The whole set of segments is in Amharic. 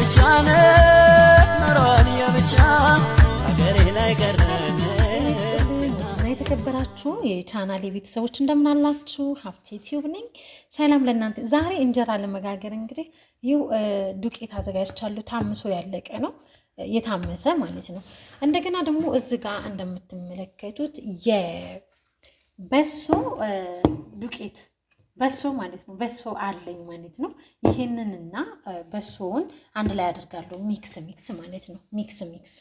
የብቻ መሯን የብቻ ሀገሬ ላይ ቀረን። የተከበራችሁ የቻናሌ ቤተሰቦች እንደምን አላችሁ? ሀብቴ ቲዩብ ነኝ። ሰላም ለእናንተ። ዛሬ እንጀራ ለመጋገር እንግዲህ ይህ ዱቄት አዘጋጅቻለሁ። ታምሶ ያለቀ ነው የታመሰ ማለት ነው። እንደገና ደግሞ እዚ ጋ እንደምትመለከቱት የበሶ ዱቄት በሶ ማለት ነው። በሶ አለኝ ማለት ነው። ይሄንንና በሶውን አንድ ላይ አደርጋለሁ። ሚክስ ሚክስ ማለት ነው። ሚክስ ሚክስ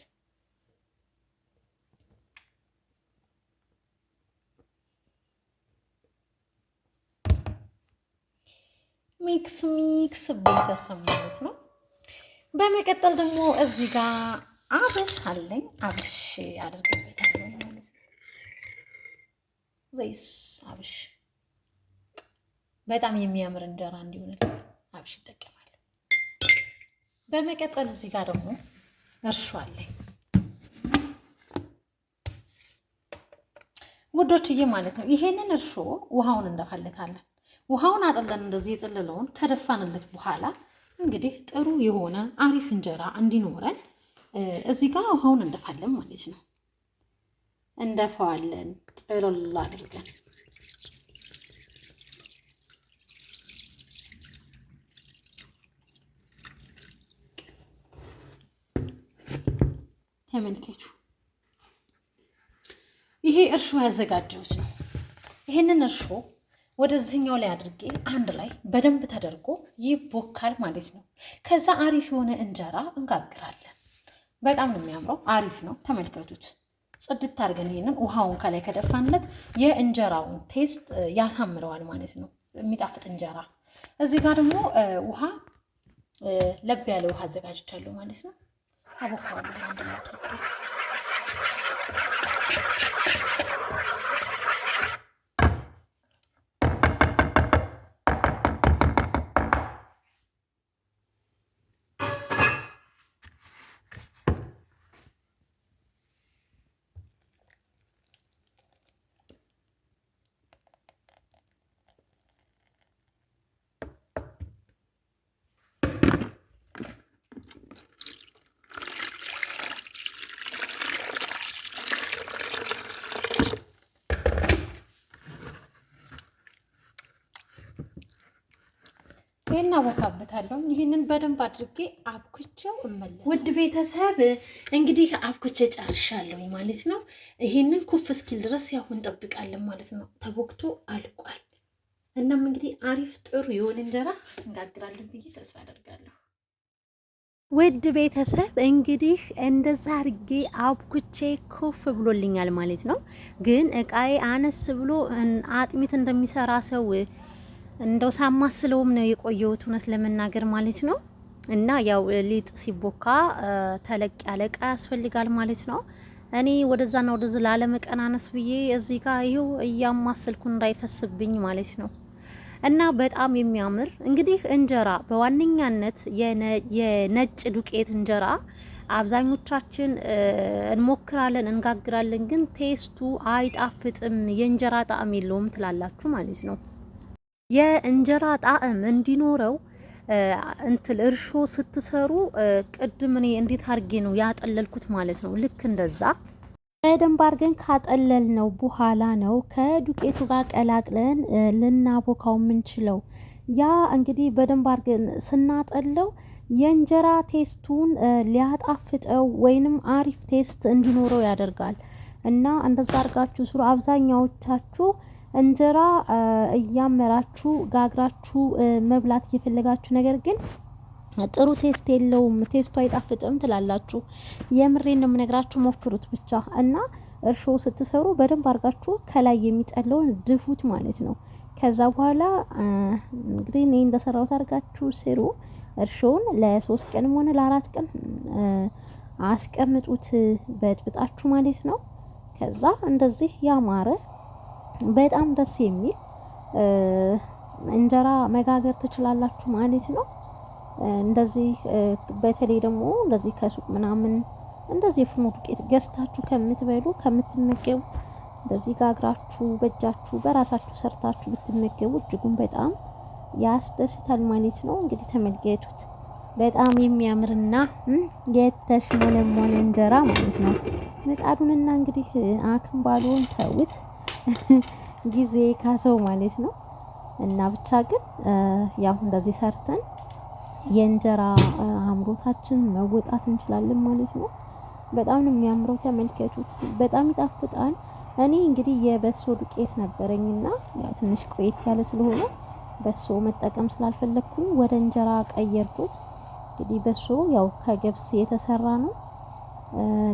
ሚክስ ሚክስ ቤተሰብ ማለት ነው። በመቀጠል ደግሞ እዚህ ጋር አብሽ አለኝ። አብሽ አደርግበታለሁ ማለት ነው። ዘይስ አብሽ በጣም የሚያምር እንጀራ እንዲሆን አብሽ ይጠቀማል። በመቀጠል እዚህ ጋር ደግሞ እርሾ አለኝ ውዶችዬ ማለት ነው። ይሄንን እርሾ ውሃውን እንደፋለታለን። ውሃውን አጥለን እንደዚህ የጥልለውን ከደፋንለት በኋላ እንግዲህ ጥሩ የሆነ አሪፍ እንጀራ እንዲኖረን እዚህ ጋር ውሃውን እንደፋለን ማለት ነው። እንደፋዋለን ጥልል አድርገን ተመልከቱ። ይሄ እርሾ ያዘጋጀሁት ነው። ይሄንን እርሾ ወደዚህኛው ላይ አድርጌ አንድ ላይ በደንብ ተደርጎ ይቦካል ማለት ነው። ከዛ አሪፍ የሆነ እንጀራ እንጋግራለን። በጣም ነው የሚያምረው። አሪፍ ነው። ተመልከቱት። ጽድት አድርገን ይህንን ውሃውን ከላይ ከደፋንለት የእንጀራውን ቴስት ያሳምረዋል ማለት ነው። የሚጣፍጥ እንጀራ። እዚህ ጋር ደግሞ ውሃ ለብ ያለ ውሃ አዘጋጅቻለሁ ማለት ነው። 好不好？እናቦካበታለሁ። ይህንን በደንብ አድርጌ አብኩቼው እመለስ። ውድ ቤተሰብ እንግዲህ አብኩቼ ጨርሻለሁ ማለት ነው። ይህንን ኩፍ እስኪል ድረስ ያሁን እንጠብቃለን ማለት ነው። ተቦክቶ አልቋል። እናም እንግዲህ አሪፍ ጥሩ የሆነ እንጀራ እንጋግራለን ብዬ ተስፋ አደርጋለሁ። ውድ ቤተሰብ እንግዲህ እንደዛ አድርጌ አብኩቼ ኩፍ ብሎልኛል ማለት ነው። ግን እቃዬ አነስ ብሎ አጥሚት እንደሚሰራ ሰው እንደው ሳማስለውም ነው የቆየሁት እውነት ለመናገር ማለት ነው። እና ያው ሊጥ ሲቦካ ተለቅ ያለ እቃ ያስፈልጋል ማለት ነው። እኔ ወደዛና ወደዚ ላለመቀናነስ ብዬ እዚህ ጋር ይኸው እያማስልኩ እንዳይፈስብኝ ማለት ነው። እና በጣም የሚያምር እንግዲህ እንጀራ በዋነኛነት የነጭ ዱቄት እንጀራ አብዛኞቻችን እንሞክራለን፣ እንጋግራለን፣ ግን ቴስቱ አይጣፍጥም፣ የእንጀራ ጣዕም የለውም ትላላችሁ ማለት ነው። የእንጀራ ጣዕም እንዲኖረው እንትል እርሾ ስትሰሩ ቅድም እኔ እንዴት አድርጌ ነው ያጠለልኩት ማለት ነው። ልክ እንደዛ በደንብ አድርገን ካጠለል ነው በኋላ ነው ከዱቄቱ ጋር ቀላቅለን ልናቦካው የምንችለው። ያ እንግዲህ በደንብ አድርገን ስናጠለው የእንጀራ ቴስቱን ሊያጣፍጠው ወይንም አሪፍ ቴስት እንዲኖረው ያደርጋል እና እንደዛ አድርጋችሁ ስሩ አብዛኛዎቻችሁ እንጀራ እያመራችሁ ጋግራችሁ መብላት እየፈለጋችሁ ነገር ግን ጥሩ ቴስት የለውም፣ ቴስቱ አይጣፍጥም ትላላችሁ። የምሬን ነው የምነግራችሁ፣ ሞክሩት ብቻ እና እርሾ ስትሰሩ በደንብ አድርጋችሁ ከላይ የሚጠለውን ድፉት ማለት ነው። ከዛ በኋላ እንግዲህ እኔ እንደሰራሁት አድርጋችሁ ስሩ። እርሾውን ለሶስት ቀን ሆነ ለአራት ቀን አስቀምጡት በጥብጣችሁ ማለት ነው። ከዛ እንደዚህ ያማረ በጣም ደስ የሚል እንጀራ መጋገር ትችላላችሁ ማለት ነው። እንደዚህ በተለይ ደግሞ እንደዚህ ከሱቅ ምናምን እንደዚህ የፍርኖ ዱቄት ገዝታችሁ ከምትበሉ ከምትመገቡ እንደዚህ ጋግራችሁ በእጃችሁ በራሳችሁ ሰርታችሁ ብትመገቡ እጅጉን በጣም ያስደስታል ማለት ነው። እንግዲህ ተመልከቱት፣ በጣም የሚያምርና የተሽሞለሞለ እንጀራ ማለት ነው። ምጣዱንና እንግዲህ አክምባሉን ተውት። ጊዜ ካሰው ማለት ነው። እና ብቻ ግን ያው እንደዚህ ሰርተን የእንጀራ አምሮታችን መወጣት እንችላለን ማለት ነው። በጣም ነው የሚያምረው፣ ተመልከቱት። በጣም ይጣፍጣል። እኔ እንግዲህ የበሶ ዱቄት ነበረኝና ያው ትንሽ ቆየት ያለ ስለሆነ በሶ መጠቀም ስላልፈለግኩኝ ወደ እንጀራ ቀየርኩት። እንግዲህ በሶ ያው ከገብስ የተሰራ ነው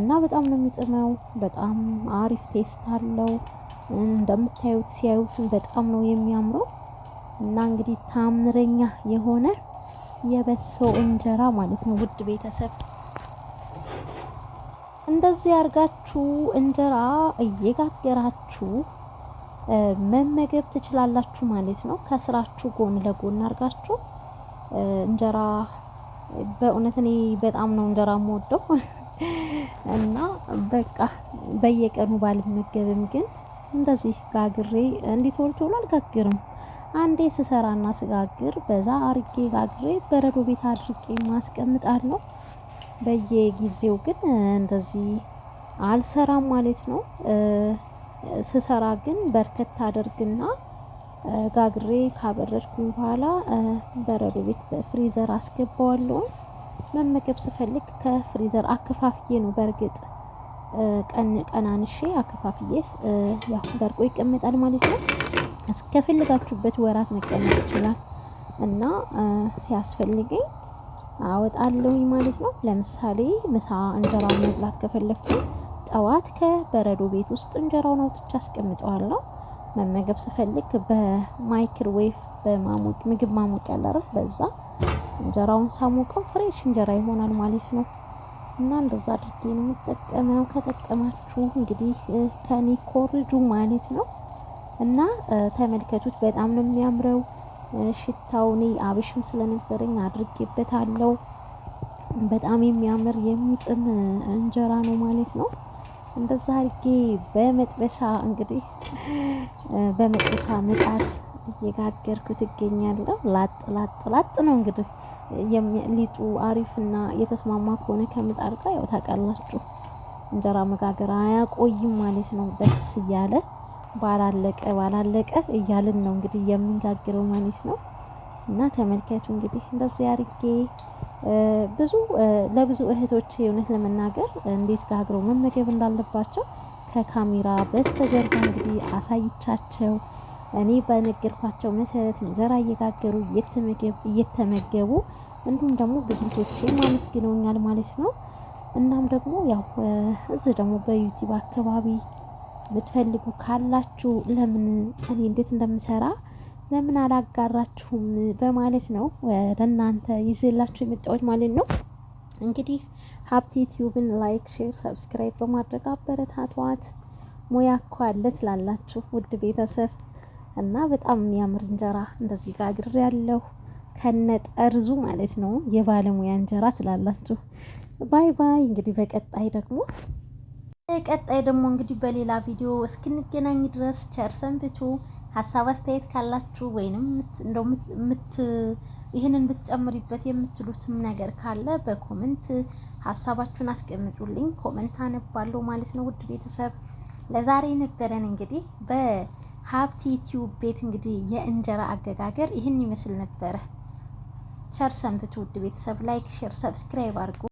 እና በጣም ነው የሚጥመው። በጣም አሪፍ ቴስት አለው። እንደምታዩት ሲያዩት በጣም ነው የሚያምረው። እና እንግዲህ ታምረኛ የሆነ የበሰው እንጀራ ማለት ነው። ውድ ቤተሰብ እንደዚህ አድርጋችሁ እንጀራ እየጋገራችሁ መመገብ ትችላላችሁ ማለት ነው። ከስራችሁ ጎን ለጎን አድርጋችሁ እንጀራ በእውነት እኔ በጣም ነው እንጀራ የምወደው እና በቃ በየቀኑ ባልመገብም ግን እንደዚህ ጋግሬ እንዲቶል ቶሎ አልጋግርም። አንዴ ስሰራና ስጋግር በዛ አርጌ ጋግሬ በረዶ ቤት አድርጌ ማስቀምጣለሁ። በየጊዜው ግን እንደዚህ አልሰራም ማለት ነው። ስሰራ ግን በርከት አደርግና ጋግሬ ካበረድኩኝ በኋላ በረዶ ቤት በፍሪዘር አስገባዋለሁ። መመገብ ስፈልግ ከፍሪዘር አከፋፍዬ ነው በእርግጥ ቀን ቀናንሼ አከፋፍዬ ያው ደርቆ ይቀመጣል ማለት ነው። እስከፈልጋችሁበት ወራት መቀመጥ ይችላል እና ሲያስፈልገኝ አወጣለሁኝ ማለት ነው። ለምሳሌ ምሳ እንጀራውን መብላት ከፈለግኩ ጠዋት ከበረዶ ቤት ውስጥ እንጀራውን አውጥቼ አስቀምጠዋለሁ። መመገብ ስፈልግ በማይክሮዌቭ በማሞቅ ምግብ ማሞቅ ያላረፍ በዛ እንጀራውን ሳሞቀው ፍሬሽ እንጀራ ይሆናል ማለት ነው። እና እንደዛ አድርጌ ነው የምጠቀመው። ከጠቀማችሁ እንግዲህ ከኔ ኮርዱ ማለት ነው እና ተመልከቱት። በጣም ነው የሚያምረው ሽታው። እኔ አብሽም ስለነበረኝ አድርጌበታለሁ። በጣም የሚያምር የሚጥም እንጀራ ነው ማለት ነው። እንደዛ አድርጌ በመጥበሻ እንግዲህ በመጥበሻ ምጣድ እየጋገርኩት እገኛለሁ። ላጥ ላጥ ላጥ ነው እንግዲህ ሊጡ አሪፍና የተስማማ ከሆነ ከምጣድ ጋር ያው ታውቃላችሁ እንጀራ መጋገር አያቆይም ማለት ነው። ደስ እያለ ባላለቀ ባላለቀ እያልን ነው እንግዲህ የምንጋግረው ማለት ነው። እና ተመልከቱ እንግዲህ እንደዚህ አድርጌ ብዙ ለብዙ እህቶች እውነት ለመናገር እንዴት ጋግረው መመገብ እንዳለባቸው ከካሜራ በስተጀርባ እንግዲህ አሳይቻቸው እኔ በነገርኳቸው መሰረት እንጀራ እየጋገሩ እየተመገቡ እንዲሁም ደግሞ ብዙ ልጆቼ አመስግነውኛል ማለት ነው። እናም ደግሞ ያው እዚህ ደግሞ በዩቲዩብ አካባቢ የምትፈልጉ ካላችሁ ለምን እኔ እንዴት እንደምሰራ ለምን አላጋራችሁም በማለት ነው ለእናንተ ይዤላችሁ የመጣሁት ማለት ነው። እንግዲህ ሀብት ዩቲዩብን ላይክ፣ ሼር፣ ሰብስክራይብ በማድረግ አበረታቷት። ሙያ እኮ አለ ትላላችሁ ውድ ቤተሰብ እና በጣም የሚያምር እንጀራ እንደዚህ ጋግር ያለው ከነ ጠርዙ ማለት ነው። የባለሙያ እንጀራ ትላላችሁ። ባይ ባይ። እንግዲህ በቀጣይ ደግሞ በቀጣይ ደግሞ እንግዲህ በሌላ ቪዲዮ እስክንገናኝ ድረስ ቸር ሰንብቱ። ሀሳብ አስተያየት ካላችሁ ወይንም እንደው ምት ይህንን ብትጨምሪበት የምትሉትም ነገር ካለ በኮመንት ሀሳባችሁን አስቀምጡልኝ። ኮመንት አነባለሁ ማለት ነው። ውድ ቤተሰብ ለዛሬ ነበረን እንግዲህ በ ሀብት ዩቲዩብ ቤት እንግዲህ የእንጀራ አገጋገር ይህን ይመስል ነበረ። ሸር ሰንብቱ ውድ ቤተሰብ። ላይክ፣ ሼር፣ ሰብስክራይብ አድርጉ።